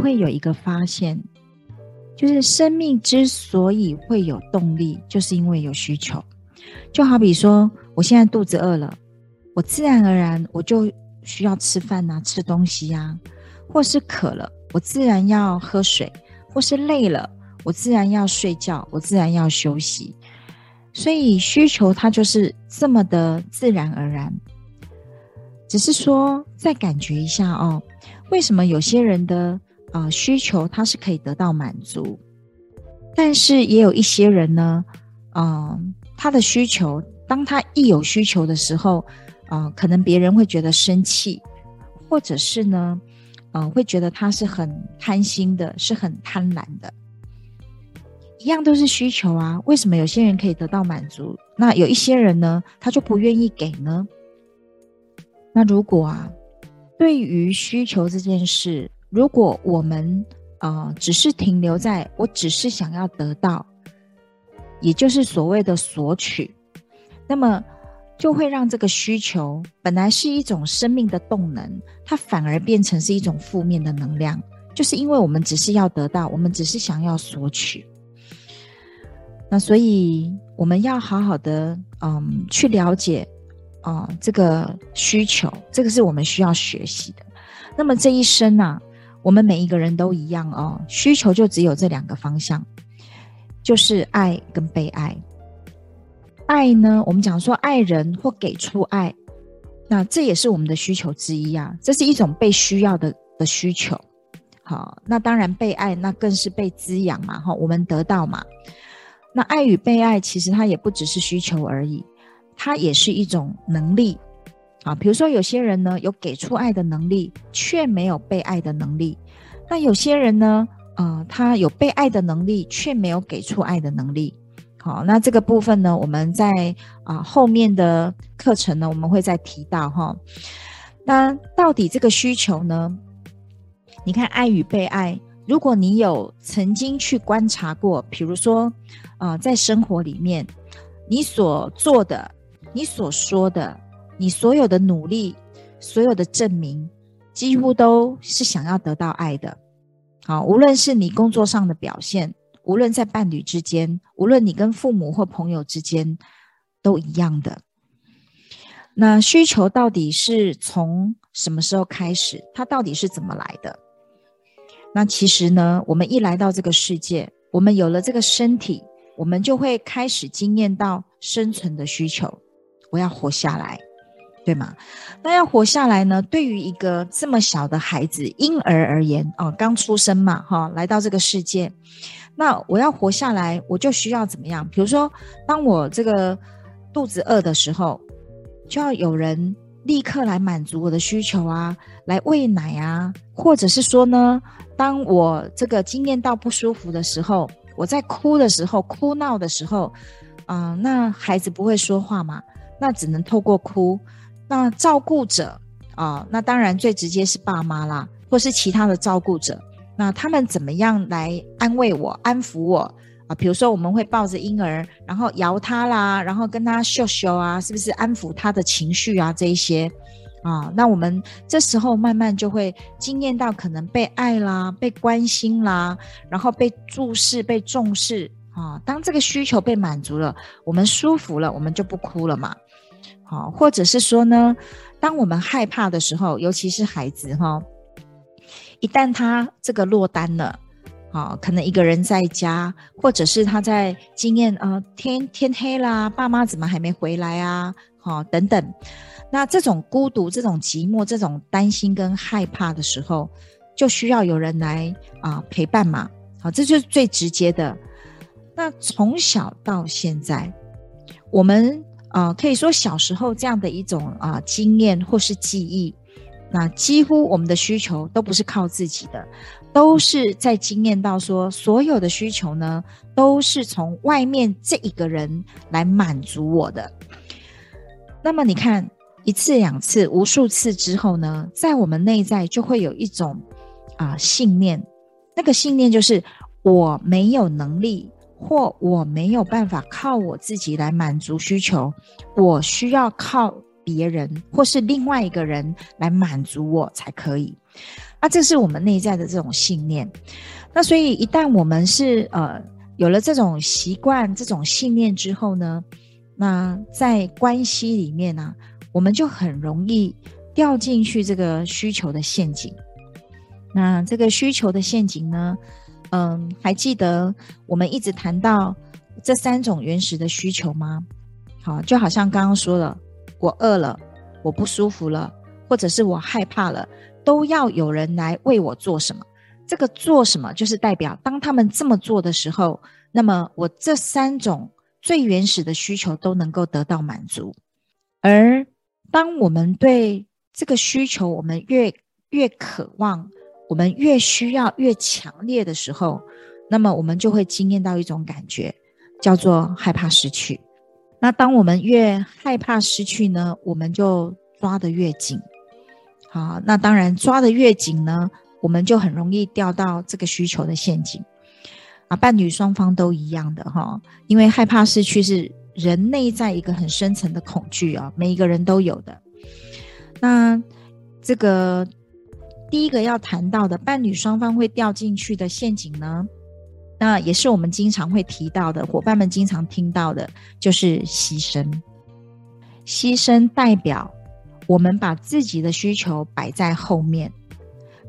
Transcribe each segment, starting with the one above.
會有一個發現，就是生命之所以會有動力，就是因為有需求。就好比說，我現在肚子餓了，我自然而然我就需要吃飯吶、啊，吃東西呀、啊；或是渴了，我自然要喝水；或是累了，我自然要睡覺，我自然要休息。所以需求它就是這麼的自然而然。只是說再感覺一下哦，為什麼有些人的？啊、呃，需求他是可以得到滿足，但是也有一些人呢，啊、呃，他的需求，當他一有需求的時候，啊、呃，可能別人會覺得生氣，或者是呢，嗯、呃，會覺得他是很貪心的，是很貪婪的。一樣都是需求啊，為什麼有些人可以得到滿足？那有一些人呢，他就不願意給呢？那如果啊，對於需求這件事，如果我們啊、呃、只是停留在我只是想要得到，也就是所謂的索取，那麼就會讓這個需求本來是一種生命的動能，它反而變成是一種負面的能量。就是因為我們只是要得到，我們只是想要索取。那所以我們要好好的嗯去了解啊、呃、這個需求，這個是我們需要學習的。那麼這一生呢、啊，我們每一個人都一樣哦，需求就只有這兩個方向，就是愛跟被愛。愛呢，我們講說愛人或給出愛，那這也是我們的需求之一啊，這是一種被需要的的需求。好，那當然被愛，那更是被滋養嘛，哈，我們得到嘛。那愛與被愛，其實它也不只是需求而已，它也是一種能力。啊，比如說有些人呢有給出愛的能力，卻沒有被愛的能力；那有些人呢，啊、呃，他有被愛的能力，卻沒有給出愛的能力。好，那這個部分呢，我們在啊、呃、後面的課程呢，我們會再提到哈。那到底這個需求呢？你看愛與被愛，如果你有曾經去觀察過，比如說，啊、呃，在生活裡面，你所做的，你所說的，你所有的努力，所有的證明，幾乎都是想要得到愛的。好，無論是你工作上的表現，無論在伴侶之間，無論你跟父母或朋友之間，都一樣的。那需求到底是從什麼時候開始，它到底是怎麼來的？那其實呢，我們一來到這個世界，我們有了這個身體，我們就會開始經驗到生存的需求，我要活下來。對嘛？那要活下來呢？對於一個這麼小的孩子、嬰兒而言，哦，剛出生嘛，哈、哦，來到這個世界，那我要活下來，我就需要怎麼樣？比如說，當我這個肚子餓的時候，就要有人立刻來滿足我的需求啊，來餵奶啊，或者是說呢，當我這個經驗到不舒服的時候，我在哭的時候、哭鬧的時候，嗯、呃，那孩子不會說話嘛，那只能透過哭。那照顧者啊，那當然最直接是爸媽啦，或是其他的照顧者。那他們怎麼樣來安慰我、安撫我啊？比如說我們會抱着嬰兒，然後搖他啦，然後跟他秀秀啊，是不是安撫他的情緒啊？這一些啊，那我們這時候慢慢就會經驗到可能被愛啦、被關心啦，然後被注視、被重視啊。當這個需求被滿足了，我們舒服了，我們就不哭了嘛。好，或者是說呢，當我們害怕的時候，尤其是孩子哈，一旦他這個落單了，好，可能一個人在家，或者是他在經驗啊，天天黑啦，爸媽怎麼還沒回來啊？好，等等，那這種孤獨、這種寂寞、這種擔心跟害怕的時候，就需要有人來啊陪伴嘛。好，這就是最直接的。那從小到現在，我們。啊、呃，可以說小時候這樣的一種啊、呃、經驗或是記憶，那幾乎我們的需求都不是靠自己的，都是在經驗到說所有的需求呢都是從外面這一個人來滿足我的。那麼你看一次兩次、無數次之後呢，在我們內在就會有一種啊、呃、信念，那個信念就是我沒有能力。或我沒有辦法靠我自己來滿足需求，我需要靠別人或是另外一個人來滿足我才可以。那這是我們內在的這種信念。那所以一旦我們是呃有了這種習慣、這種信念之後呢，那在關係裡面呢，啊，我們就很容易掉進去這個需求的陷阱。那這個需求的陷阱呢？嗯，還記得我們一直談到這三種原始的需求嗎？好，就好像剛剛說了，我餓了，我不舒服了，或者是我害怕了，都要有人來為我做什麼。這個做什麼，就是代表當他們這麼做的時候，那麼我這三種最原始的需求都能夠得到滿足。而當我們對這個需求，我們越越渴望。我們越需要、越強烈的時候，那麼我們就會經驗到一種感覺，叫做害怕失去。那當我們越害怕失去呢，我們就抓得越緊。好，那當然抓得越緊呢，我們就很容易掉到這個需求的陷阱。啊，伴侶雙方都一樣的哈，因為害怕失去是人內在一個很深層的恐懼啊，每一個人都有的。那這個。第一個要談到的伴侶雙方會掉進去的陷阱呢，那也是我們經常會提到的夥伴們經常聽到的，就是犧牲。犧牲代表我們把自己的需求擺在後面，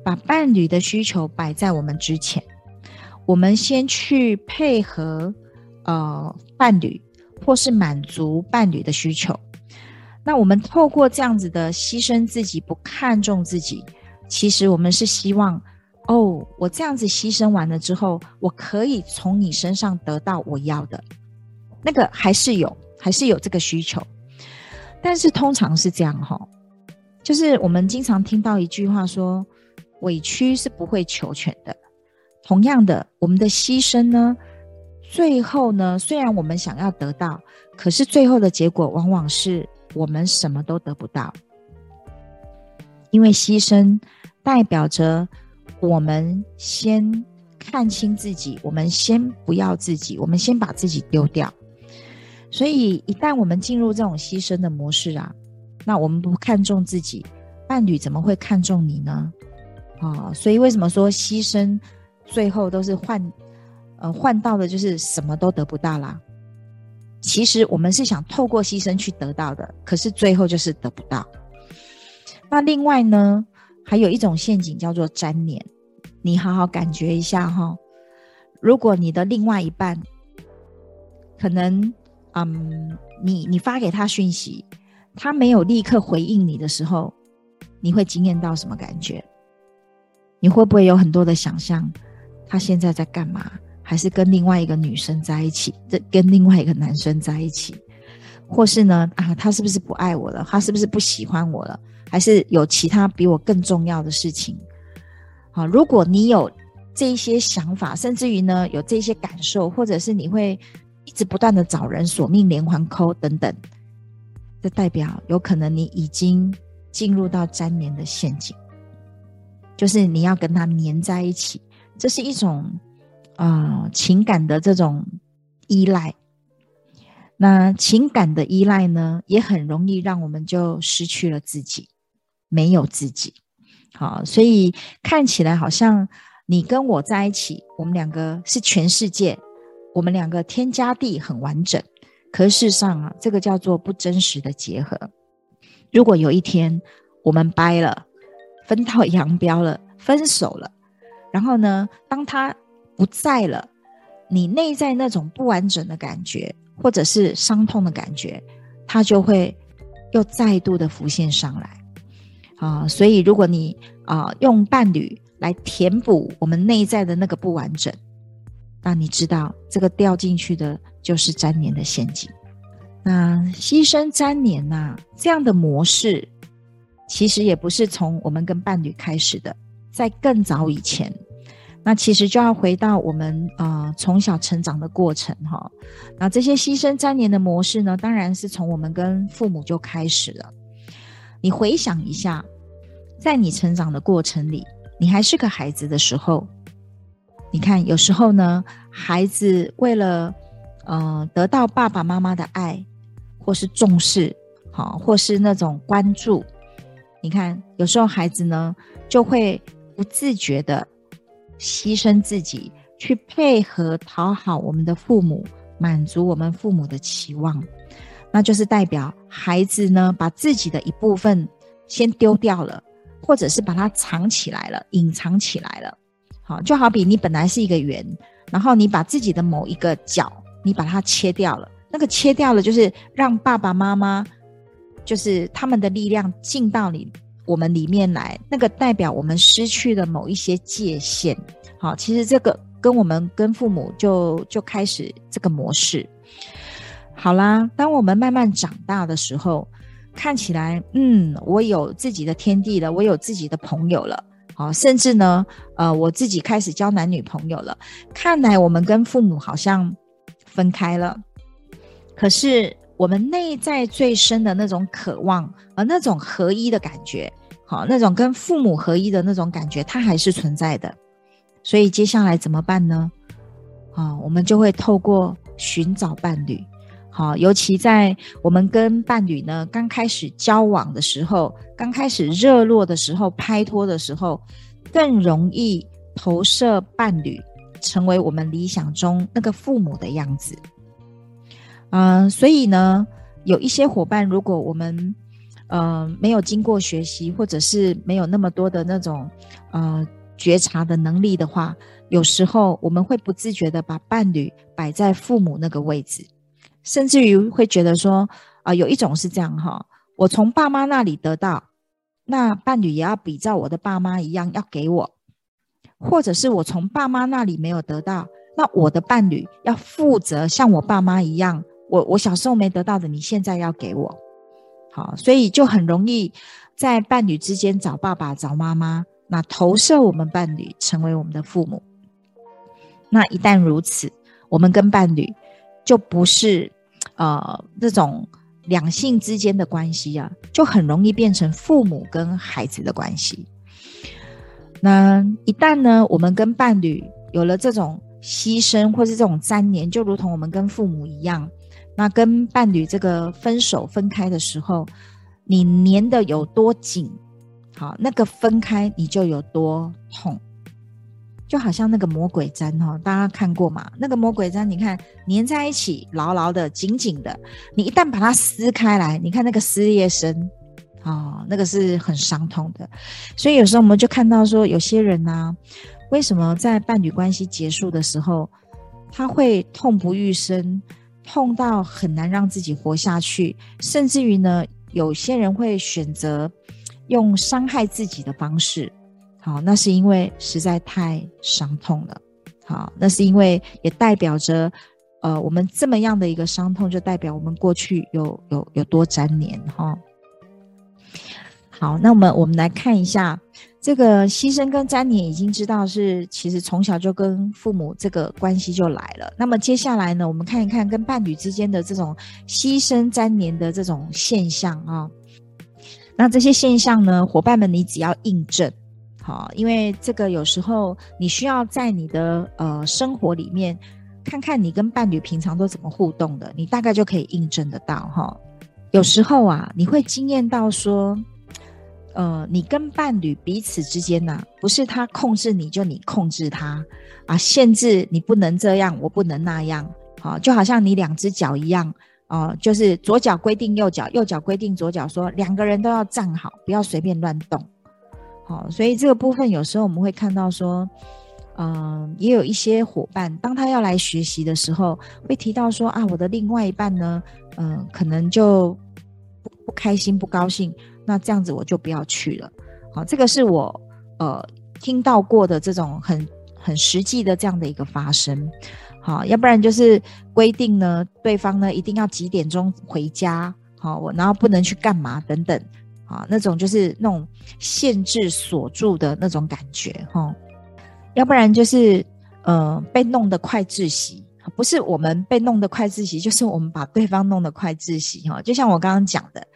把伴侶的需求擺在我們之前，我們先去配合呃伴侶或是滿足伴侶的需求。那我們透過這樣子的犧牲自己，不看重自己。其實我們是希望，哦，我這樣子犧牲完了之後，我可以從你身上得到我要的，那個還是有，還是有這個需求。但是通常是這樣哈、哦，就是我們經常聽到一句話說，委屈是不會求全的。同樣的，我們的犧牲呢，最後呢，雖然我們想要得到，可是最後的結果往往是我們什麼都得不到。因為犧牲代表着我們先看清自己，我們先不要自己，我們先把自己丟掉。所以一旦我們進入這種犧牲的模式啊，那我們不看重自己，伴侶怎麼會看重你呢？啊、哦，所以為什麼說犧牲最後都是換呃換到的就是什麼都得不到啦？其實我們是想透過犧牲去得到的，可是最後就是得不到。那另外呢，還有一種陷阱叫做沾黏，你好好感覺一下哈。如果你的另外一半，可能，嗯，你你發給他訊息，他沒有立刻回應你的時候，你會經驗到什麼感覺？你會不會有很多的想象？他現在在幹嘛？還是跟另外一個女生在一起？跟另外一個男生在一起？或是呢？啊，他是不是不愛我了？他是不是不喜歡我了？還是有其他比我更重要的事情，好，哦。如果你有這些想法，甚至於呢，有這些感受，或者是你會一直不斷的找人索命、連環 call 等等，這代表有可能你已經進入到粘連的陷阱，就是你要跟他粘在一起。這是一種啊，呃、情感的這種依賴。那情感的依賴呢，也很容易讓我們就失去了自己。沒有自己，好，所以看起來好像你跟我在一起，我們兩個是全世界，我們兩個天加地很完整。可事實上啊，這個叫做不真實的結合。如果有一天我們掰了，分道揚鑣了，分手了，然後呢，當他不在了，你內在那種不完整的感覺，或者是傷痛的感覺，它就會又再度的浮現上來。啊、呃，所以如果你啊、呃、用伴侶來填補我們內在的那個不完整，那你知道這個掉進去的就是沾黏的陷阱。那犧牲沾黏吶這樣的模式，其實也不是從我們跟伴侶開始的，在更早以前，那其實就要回到我們呃從小成長的過程哈、哦。那這些犧牲沾黏的模式呢，當然是從我們跟父母就開始了。你回想一下，在你成長的過程裡，你還是個孩子的時候，你看，有時候呢，孩子為了，呃，得到爸爸媽媽的愛，或是重視，好、啊，或是那種關注，你看，有時候孩子呢，就會不自覺的犧牲自己，去配合討好我們的父母，滿足我們父母的期望。那就是代表孩子呢，把自己的一部分先丟掉了，或者是把它藏起來了，隱藏起來了。好，就好比你本來是一個圓，然後你把自己的某一個角，你把它切掉了。那個切掉了，就是讓爸爸媽媽，就是他們的力量進到你我們裡面來。那個代表我們失去了某一些界限。好，其實這個跟我們跟父母就就開始這個模式。好啦，當我們慢慢長大的時候，看起來，嗯，我有自己的天地了，我有自己的朋友了，好、哦，甚至呢，呃，我自己開始交男女朋友了。看來我們跟父母好像分開了，可是我們內在最深的那種渴望，啊、呃，那種合一的感覺，好、哦，那種跟父母合一的那種感覺，它還是存在的。所以接下來怎麼辦呢？啊、哦，我們就會透過尋找伴侶。啊，尤其在我們跟伴侶呢剛開始交往的時候，剛開始熱絡的時候，拍拖的時候，更容易投射伴侶成為我們理想中那個父母的樣子。嗯、呃，所以呢，有一些夥伴，如果我們呃沒有經過學習，或者是沒有那麼多的那種呃覺察的能力的話，有時候我們會不自覺的把伴侶擺在父母那個位置。甚至於會覺得說，啊、呃，有一種是這樣哈、哦，我從爸媽那裡得到，那伴侶也要比照我的爸媽一樣要給我，或者是我從爸媽那裡沒有得到，那我的伴侶要負責像我爸媽一樣，我我小時候沒得到的，你現在要給我，好，所以就很容易在伴侶之間找爸爸找媽媽，那投射我們伴侶成為我們的父母，那一旦如此，我們跟伴侶就不是。呃，這種兩性之間的關係啊，就很容易變成父母跟孩子的關係。那一旦呢，我們跟伴侶有了這種犧牲或是這種沾黏，就如同我們跟父母一樣，那跟伴侶這個分手分開的時候，你黏得有多緊，好，那個分開你就有多痛。就好像那個魔鬼氈哈、哦，大家看過嘛？那個魔鬼氈你看粘在一起，牢牢的、緊緊的。你一旦把它撕開來，你看那個撕裂聲，啊、哦，那個是很傷痛的。所以有時候我們就看到說，有些人呢、啊，為什麼在伴侶關係結束的時候，他會痛不欲生，痛到很難讓自己活下去，甚至於呢，有些人會選擇用傷害自己的方式。好，那是因為實在太傷痛了。好，那是因為也代表着，呃，我們這麼樣的一個傷痛，就代表我們過去有有有多沾黏哈。好，那我們我們來看一下這個犧牲跟沾黏，已經知道是其實從小就跟父母這個關係就來了。那麼接下來呢，我們看一看跟伴侶之間的這種犧牲沾黏的這種現象啊、哦。那這些現象呢，夥伴們，你只要印證。因為這個有時候你需要在你的呃生活裡面看看你跟伴侶平常都怎麼互動的，你大概就可以印證得到哈、哦。有時候啊，你會經驗到說，呃，你跟伴侶彼此之間呢、啊，不是他控制你就你控制他啊，限制你不能這樣，我不能那樣，啊，就好像你兩只腳一樣啊，就是左腳規定右腳，右腳規定左腳說，說兩個人都要站好，不要隨便亂動。哦，所以這個部分有時候我們會看到說，嗯、呃，也有一些夥伴，當他要來學習的時候，會提到說啊，我的另外一半呢，嗯、呃，可能就不不開心、不高興，那這樣子我就不要去了。好，這個是我呃聽到過的這種很很實際的這樣的一個發生。好，要不然就是規定呢，對方呢一定要幾點鐘回家，好，我然後不能去幹嘛等等。啊，那種就是那種限制鎖住的那種感覺哈、哦，要不然就是呃被弄得快窒息，不是我們被弄得快窒息，就是我們把對方弄得快窒息哈、哦。就像我剛剛講的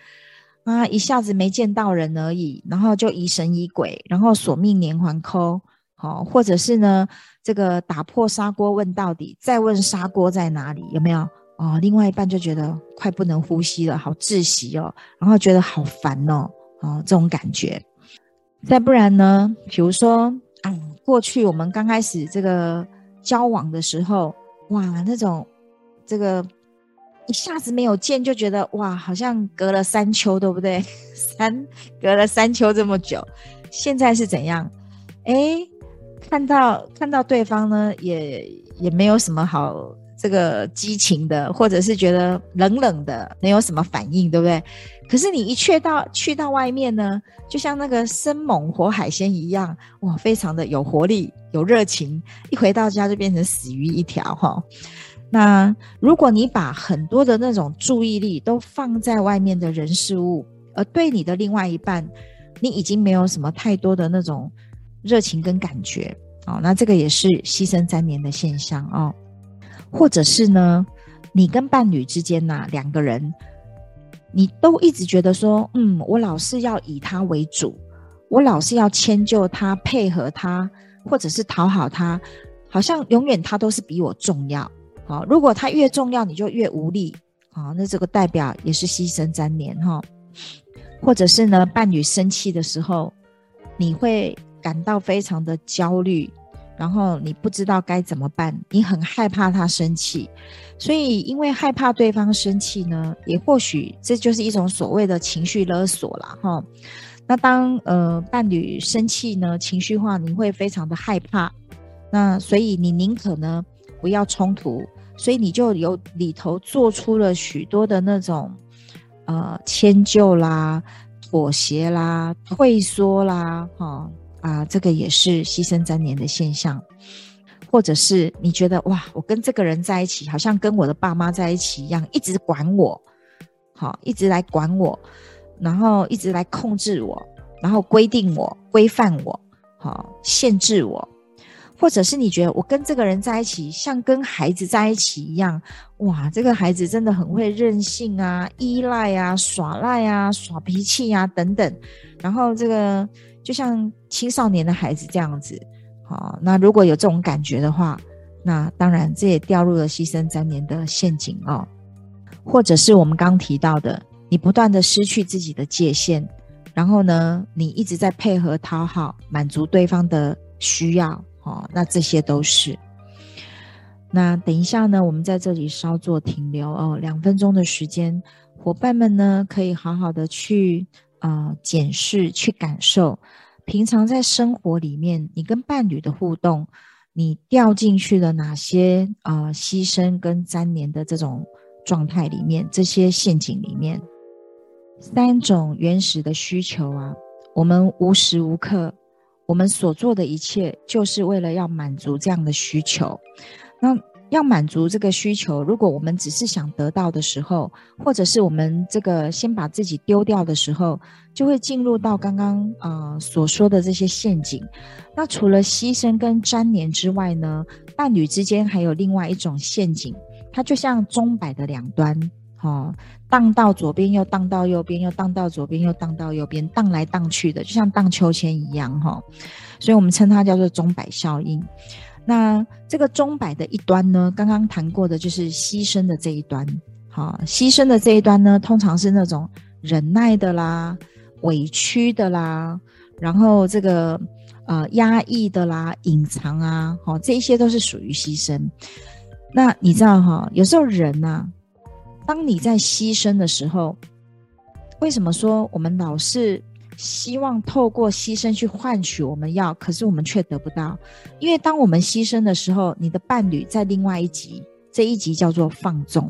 啊，一下子沒見到人而已，然後就疑神疑鬼，然後索命連環扣好、哦，或者是呢這個打破砂鍋問到底，再問砂鍋在哪裡，有沒有？哦，另外一半就覺得快不能呼吸了，好窒息哦，然後覺得好煩哦，啊、哦，這種感覺。再不然呢？比如說，哎、嗯，過去我們剛開始這個交往的時候，哇，那種這個一下子沒有見就覺得哇，好像隔了三秋，對不對？三隔了三秋這麼久，現在是怎樣？誒，看到看到對方呢，也也沒有什麼好。這個激情的，或者是覺得冷冷的，沒有什麼反應，對不對？可是你一去到去到外面呢，就像那個生猛活海鮮一樣，哇，非常的有活力、有熱情。一回到家就變成死魚一條哈、哦。那如果你把很多的那種注意力都放在外面的人事物，而對你的另外一半，你已經沒有什麼太多的那種熱情跟感覺哦。那這個也是犧牲沾黏的現象哦。或者是呢，你跟伴侶之間呢、啊，兩個人，你都一直覺得說，嗯，我老是要以他為主，我老是要遷就他、配合他，或者是討好他，好像永遠他都是比我重要。好、哦，如果他越重要，你就越無力。好、哦，那這個代表也是犧牲沾黏哈。或者是呢，伴侶生氣的時候，你會感到非常的焦慮。然後你不知道該怎麼辦，你很害怕他生氣，所以因為害怕對方生氣呢，也或許這就是一種所謂的情緒勒索啦。哈、哦。那當呃伴侶生氣呢，情緒化，你會非常的害怕，那所以你寧可呢不要衝突，所以你就由裡頭做出了許多的那種呃遷就啦、妥協啦、退縮啦哈。哦啊、呃，這個也是犧牲沾黏的現象，或者是你覺得哇，我跟這個人在一起，好像跟我的爸媽在一起一樣，一直管我，好、哦，一直來管我，然後一直來控制我，然後規定我，規範我，好、哦，限制我。或者是你覺得我跟這個人在一起，像跟孩子在一起一樣，哇，這個孩子真的很會任性啊、依賴啊、耍賴啊、耍脾氣啊等等。然後這個就像青少年的孩子這樣子。好，那如果有這種感覺的話，那當然這也掉入了犧牲沾黏的陷阱哦。或者是我們剛剛提到的，你不斷的失去自己的界限，然後呢，你一直在配合討好，滿足對方的需要。哦，那這些都是。那等一下呢，我們在這裡稍作停留哦，兩分鐘的時間，夥伴們呢可以好好的去啊檢視、去感受，平常在生活裡面你跟伴侶的互動，你掉進去了哪些啊、呃、犧牲跟沾黏的這種狀態裡面，這些陷阱裡面，三種原始的需求啊，我們無時無刻。我們所做的一切，就是為了要滿足這樣的需求。那要滿足這個需求，如果我們只是想得到的時候，或者是我們這個先把自己丟掉的時候，就會進入到剛剛啊、呃、所說的這些陷阱。那除了犧牲跟沾黏之外呢，伴侶之間還有另外一種陷阱，它就像鐘擺的兩端。哦，盪到左邊又盪到右邊，又盪到左邊又盪到右邊，盪來盪去的，就像盪秋千一樣哈、哦。所以我們稱它叫做鐘擺效應。那這個鐘擺的一端呢，剛剛談過的就是犧牲的這一端。好、哦，犧牲的這一端呢，通常是那種忍耐的啦、委屈的啦，然後這個呃，壓抑的啦、隱藏啊、哦，這一些都是屬於犧牲。那你知道哈、哦，有時候人呢、啊？當你在犧牲的時候，為什麼說我們老是希望透過犧牲去換取我們要，可是我們卻得不到？因為當我們犧牲的時候，你的伴侶在另外一極，這一極叫做放縱。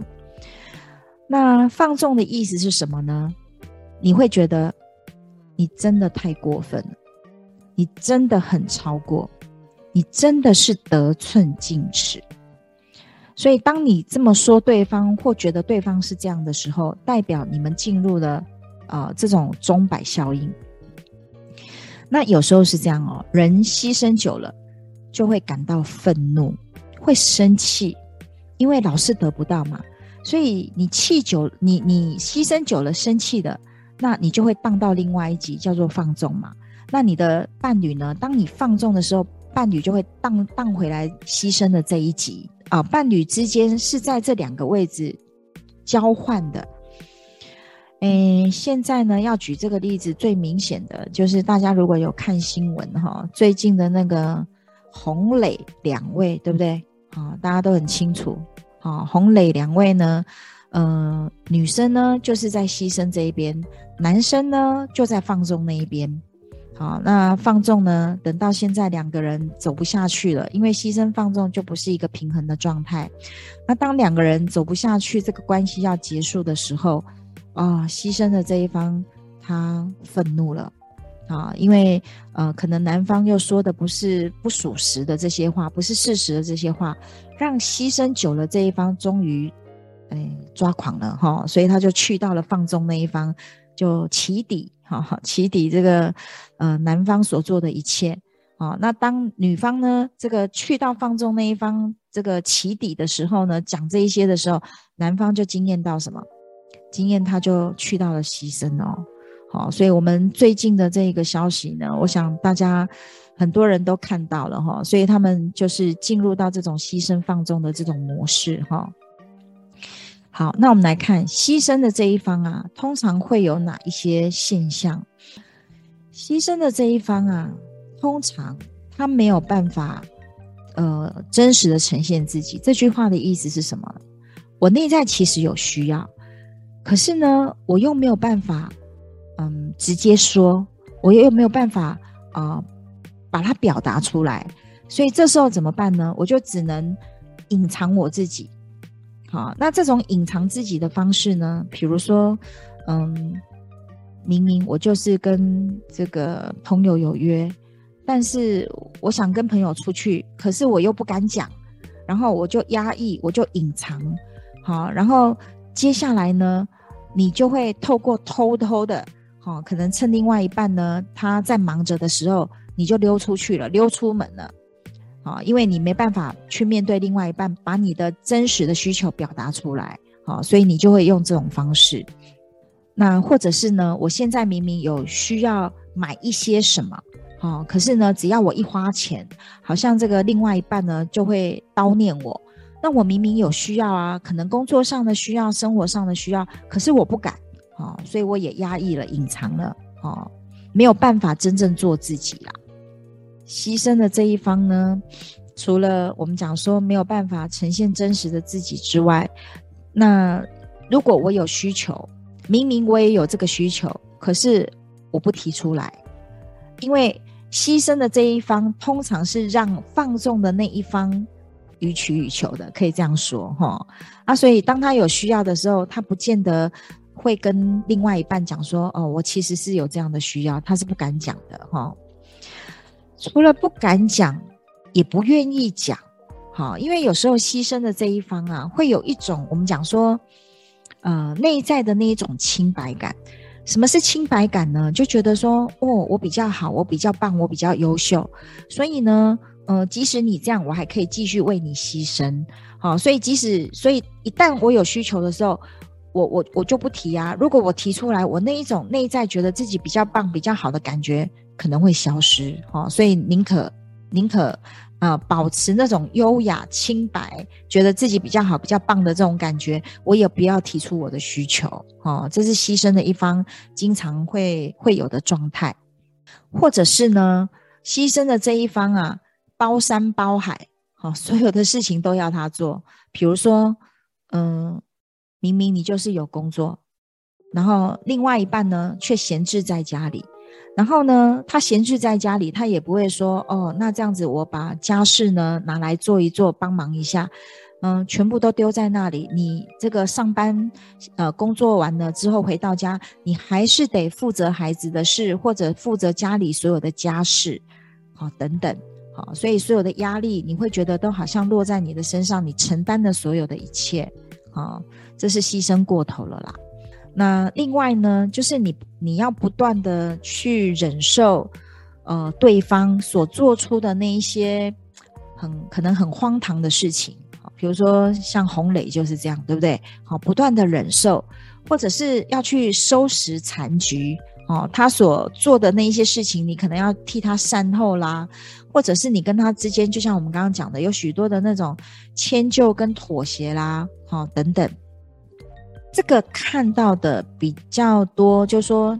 那放縱的意思是什麼呢？你會覺得你真的太過分了，你真的很超過，你真的是得寸進尺。所以，當你這麼說對方，或覺得對方是這樣的時候，代表你們進入了，呃，這種鐘擺效應。那有時候是這樣哦，人犧牲久了，就會感到憤怒，會生氣，因為老是得不到嘛。所以你氣久，你你犧牲久了，生氣了，那你就會盪到另外一級，叫做放縱嘛。那你的伴侶呢？當你放縱的時候，伴侶就會盪盪回來，犧牲的這一級。啊，伴侶之間是在這兩個位置交換的。嗯，現在呢，要舉這個例子，最明顯的就是大家如果有看新聞哈、哦，最近的那個洪磊兩位，對不對？啊、哦，大家都很清楚。啊、哦，洪磊兩位呢，呃，女生呢就是在犧牲這一邊，男生呢就在放鬆那一邊。好，那放縱呢？等到現在兩個人走不下去了，因為犧牲放縱就不是一個平衡的狀態。那當兩個人走不下去，這個關係要結束的時候，啊、哦，犧牲的這一方他憤怒了，啊、哦，因為呃，可能男方又說的不是不屬實的這些話，不是事實的這些話，讓犧牲久了這一方終於，哎、抓狂了哈、哦，所以他就去到了放縱那一方。就起底，哈，起底這個，呃，男方所做的一切，啊、哦，那當女方呢，這個去到放縱那一方，這個起底的時候呢，講這一些的時候，男方就經驗到什麼？經驗他就去到了犧牲，哦，好、哦，所以我們最近的這一個消息呢，我想大家很多人都看到了哈、哦，所以他們就是進入到這種犧牲放縱的這種模式哈。哦好，那我們來看犧牲的這一方啊，通常會有哪一些現象？犧牲的這一方啊，通常他沒有辦法，呃，真實的呈現自己。這句話的意思是什麼？我內在其實有需要，可是呢，我又沒有辦法，嗯，直接說，我又沒有辦法啊，呃，把它表達出來。所以這時候怎麼辦呢？我就只能隱藏我自己。好，那這種隱藏自己的方式呢，比如說，嗯，明明我就是跟這個朋友有約，但是我想跟朋友出去，可是我又不敢講，然後我就壓抑，我就隱藏。好，然後接下來呢，你就會透過偷偷的，好，可能趁另外一半呢，他在忙着的時候，你就溜出去了，溜出門了。好，因為你沒辦法去面對另外一半，把你的真實的需求表達出來，好，所以你就會用這種方式。那或者是呢，我現在明明有需要買一些什麼，哦，可是呢，只要我一花錢，好像這個另外一半呢就會叨念我。那我明明有需要啊，可能工作上的需要，生活上的需要，可是我不敢，好，所以我也壓抑了，隱藏了，哦，沒有辦法真正做自己了。犧牲的這一方呢，除了我們講說沒有辦法呈現真實的自己之外，那如果我有需求，明明我也有這個需求，可是我不提出來，因為犧牲的這一方通常是讓放縱的那一方予取予求的，可以這樣說哈。啊，所以當他有需要的時候，他不見得會跟另外一半講說，哦，我其實是有這樣的需要，他是不敢講的哈。除了不敢講，也不願意講，好，因為有時候犧牲的這一方啊，會有一種我們講說，呃，內在的那一種清白感。什麼是清白感呢？就覺得說，哦，我比較好，我比較棒，我比較優秀，所以呢，呃，即使你這樣，我還可以繼續為你犧牲，好，所以即使，所以一旦我有需求的時候，我我我就不提啊，如果我提出來，我那一種內在覺得自己比較棒、比較好的感覺可能會消失哦，所以寧可寧可呃保持那種優雅、清白，覺得自己比較好、比較棒的這種感覺，我也不要提出我的需求哦。這是犧牲的一方經常會會有的狀態，或者是呢，犧牲的這一方啊，包山包海哦，所有的事情都要他做，比如說嗯。明明你就是有工作，然後另外一半呢卻閒置在家裡，然後呢，他閒置在家裡，他也不會說哦，那這樣子我把家事呢拿來做一做，幫忙一下，嗯、呃，全部都丟在那裡。你這個上班呃工作完了之後回到家，你還是得負責孩子的事，或者負責家裡所有的家事，好、哦，等等，好、哦，所以所有的壓力你會覺得都好像落在你的身上，你承擔了所有的一切，好、哦。這是犧牲過頭了啦，那另外呢，就是你你要不斷的去忍受，呃，對方所做出的那一些很可能很荒唐的事情，比如說像洪磊就是這樣，對不對？好，不斷的忍受，或者是要去收拾殘局哦，他所做的那一些事情，你可能要替他善後啦，或者是你跟他之間，就像我們剛剛講的，有許多的那種遷就跟妥協啦，哦，等等。這個看到的比較多，就是說，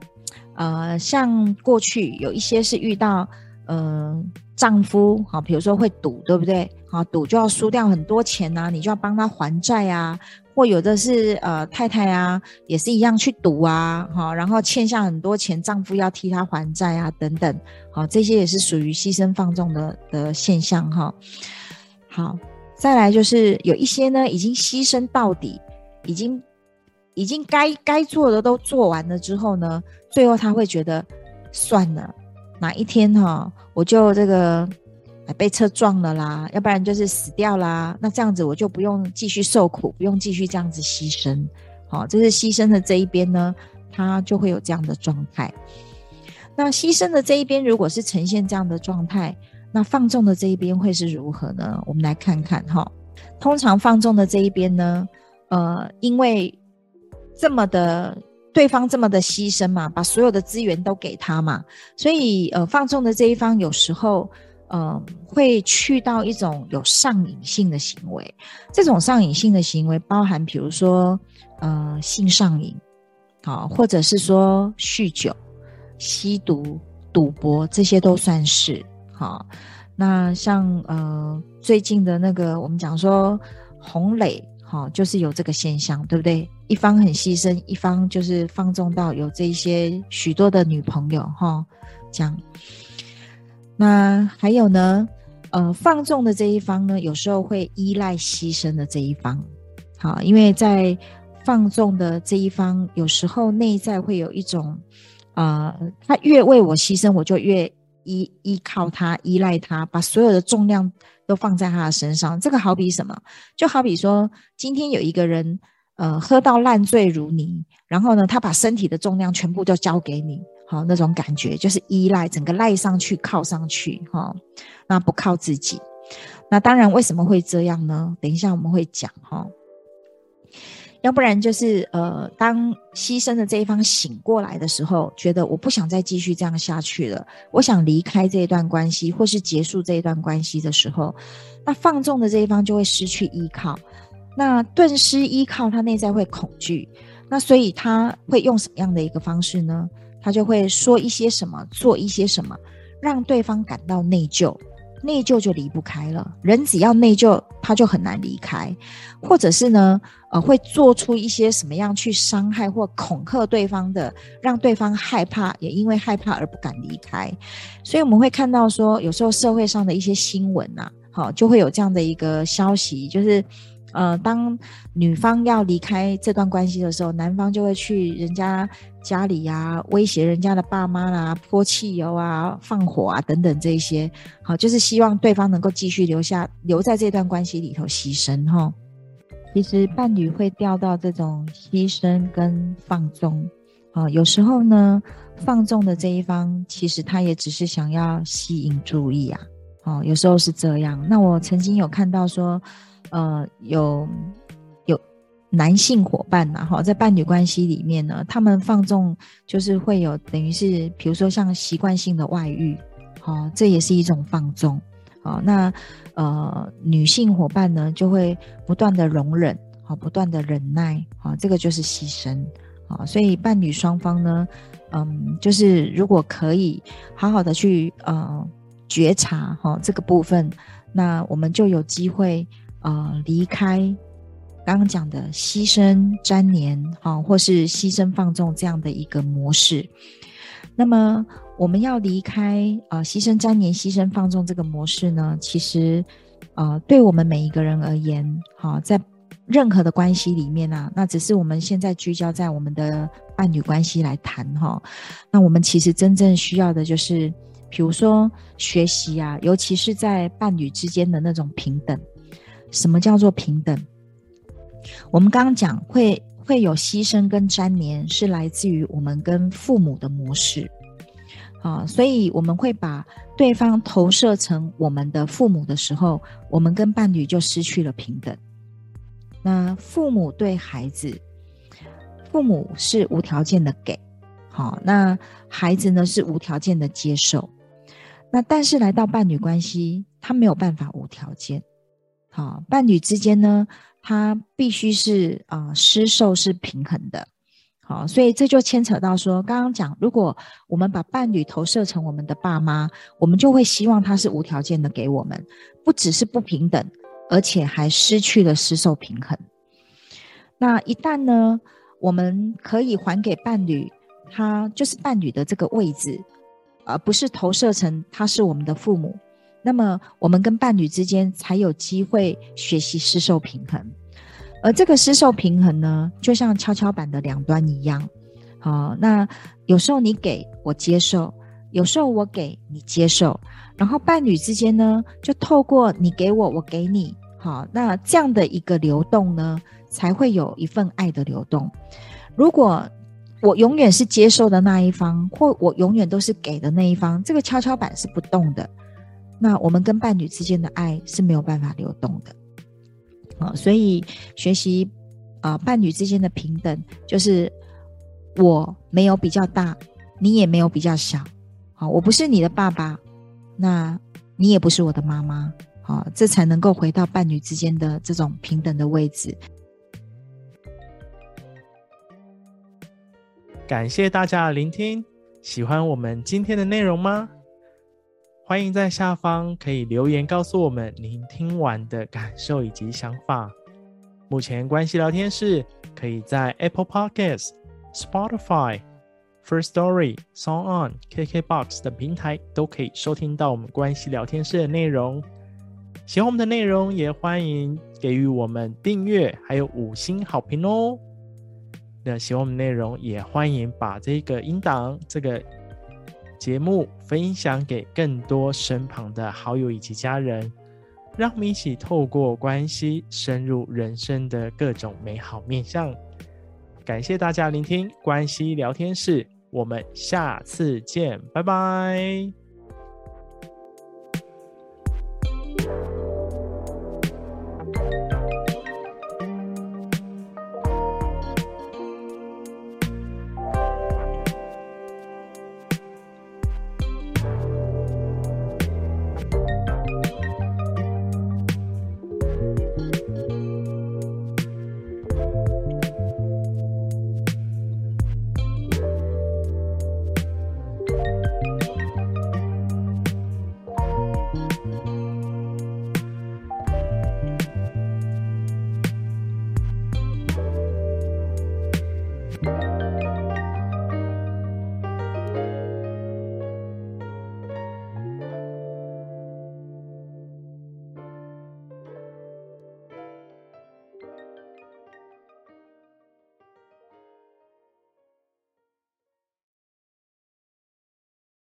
呃，像過去有一些是遇到，嗯、呃，丈夫哈、哦，比如說會賭，對不對？哈、哦，賭就要輸掉很多錢啊，你就要幫他還債啊，或有的是呃，太太啊，也是一樣去賭啊，哈、哦，然後欠下很多錢，丈夫要替他還債啊，等等，好、哦，這些也是屬於犧牲放縱的的現象哈、哦。好，再來就是有一些呢，已經犧牲到底，已經。已經該該做的都做完了之後呢，最後他會覺得算了，哪一天齁、我就這個被車撞了啦，要不然就是死掉啦，那這樣子我就不用繼續受苦，不用繼續這樣子犧牲，齁，這是犧牲的這一邊呢，他就會有這樣的狀態。那犧牲的這一邊如果是呈現這樣的狀態，那放縱的這一邊會是如何呢？我們來看看齁，通常放縱的這一邊呢，呃，因為。這麼的對方這麼的犧牲嘛，把所有的資源都給他嘛，所以呃放縱的這一方有時候嗯、呃、會去到一種有上癮性的行為，這種上癮性的行為包含比如說呃性上癮，好、哦、或者是說酗酒、吸毒、賭博這些都算是好、哦。那像呃最近的那個我們講說洪磊。哦，就是有這個現象，對不對？一方很犧牲，一方就是放縱到有這些許多的女朋友，哈、哦，這樣。那還有呢，呃，放縱的這一方呢，有時候會依賴犧牲的這一方。好、哦，因為在放縱的這一方，有時候內在會有一種，呃，他越為我犧牲，我就越。依依靠他，依賴他，把所有的重量都放在他的身上。這個好比什麼？就好比說，今天有一個人，呃，喝到爛醉如泥，然後呢，他把身體的重量全部都交給你，好，那種感覺就是依賴，整個賴上去，靠上去，哈，那不靠自己。那當然，為什麼會這樣呢？等一下我們會講，哈。要不然就是，呃，當犧牲的這一方醒過來的時候，覺得我不想再繼續這樣下去了，我想離開這一段關係，或是結束這一段關係的時候，那放縱的這一方就會失去依靠，那頓失依靠，他內在會恐懼，那所以他會用什麼樣的一個方式呢？他就會說一些什麼，做一些什麼，讓對方感到內疚。內疚就離不開了，人只要內疚，他就很難離開，或者是呢，呃，會做出一些什麼樣去傷害或恐嚇對方的，讓對方害怕，也因為害怕而不敢離開。所以我們會看到說，有時候社會上的一些新聞吶、啊，好，就會有這樣的一個消息，就是。呃，當女方要離開這段關係的時候，男方就會去人家家裡呀、啊，威脅人家的爸媽啦、啊，潑汽油啊，放火啊，等等這些，好、哦，就是希望對方能夠繼續留下，留在這段關係裡頭犧牲、哦，其實伴侶會掉到這種犧牲跟放縱，好、哦，有時候呢，放縱的這一方，其實他也只是想要吸引注意啊，好、哦，有時候是這樣。那我曾經有看到說。呃，有有男性夥伴嘛？哈、哦，在伴侶關係裡面呢，他們放縱就是會有等於是，比如說像習慣性的外遇，哦，這也是一種放縱，哦，那呃女性夥伴呢就會不斷的容忍，好、哦，不斷的忍耐，好、哦，這個就是犧牲，好、哦，所以伴侶雙方呢，嗯，就是如果可以好好的去呃覺察哈、哦、這個部分，那我們就有機會。呃，離開剛剛講的犧牲沾黏哈，或是犧牲放縱這樣的一個模式。那麼，我們要離開呃，犧牲沾黏、犧牲放縱這個模式呢，其實，呃，對我們每一個人而言，哈、哦，在任何的關係裡面呢、啊，那只是我們現在聚焦在我們的伴侶關係來談哈、哦。那我們其實真正需要的就是，比如說學習啊，尤其是在伴侶之間的那種平等。什麼叫做平等？我們剛剛講會會有犧牲跟沾黏，是來自於我們跟父母的模式。啊，所以我們會把對方投射成我們的父母的時候，我們跟伴侶就失去了平等。那父母對孩子，父母是無條件的給，好，那孩子呢是無條件的接受。那但是來到伴侶關係，他沒有辦法無條件。好，伴侶之間呢，他必須是啊，施受是平衡的。好，所以這就牽扯到說，剛剛講，如果我們把伴侶投射成我們的爸媽，我們就會希望他是無條件的給我們，不只是不平等，而且還失去了施受平衡。那一旦呢，我們可以還給伴侶，他就是伴侶的這個位置，而不是投射成他是我們的父母。那麼，我們跟伴侶之間才有機會學習施受平衡，而這個施受平衡呢，就像蹺蹺板的兩端一樣。好，那有時候你給我接受，有時候我給你接受，然後伴侶之間呢，就透過你給我，我給你，好，那這樣的一個流動呢，才會有一份愛的流動。如果我永遠是接受的那一方，或我永遠都是給的那一方，這個蹺蹺板是不動的。那我們跟伴侶之間的愛是沒有辦法流動的，啊、哦，所以學習啊、呃，伴侶之間的平等，就是我沒有比較大，你也沒有比較小，好、哦，我不是你的爸爸，那你也不是我的媽媽，好、哦，這才能夠回到伴侶之間的這種平等的位置。感謝大家的聆聽，喜歡我們今天的內容嗎？歡迎在下方可以留言告訴我們您聽完的感受以及想法。目前關係聊天室可以在 Apple Podcasts、Spotify、First Story、Song On、KK Box 等平台都可以收聽到我們關係聊天室的內容。喜歡我們的內容也歡迎給予我們訂閱，還有五星好評哦。那喜歡我們的內容也歡迎把這個音檔這個。節目分享給更多身旁的好友以及家人，讓我們一起透過關係深入人生的各種美好面向。感謝大家聆聽，關係聊天室，我們下次見，拜拜。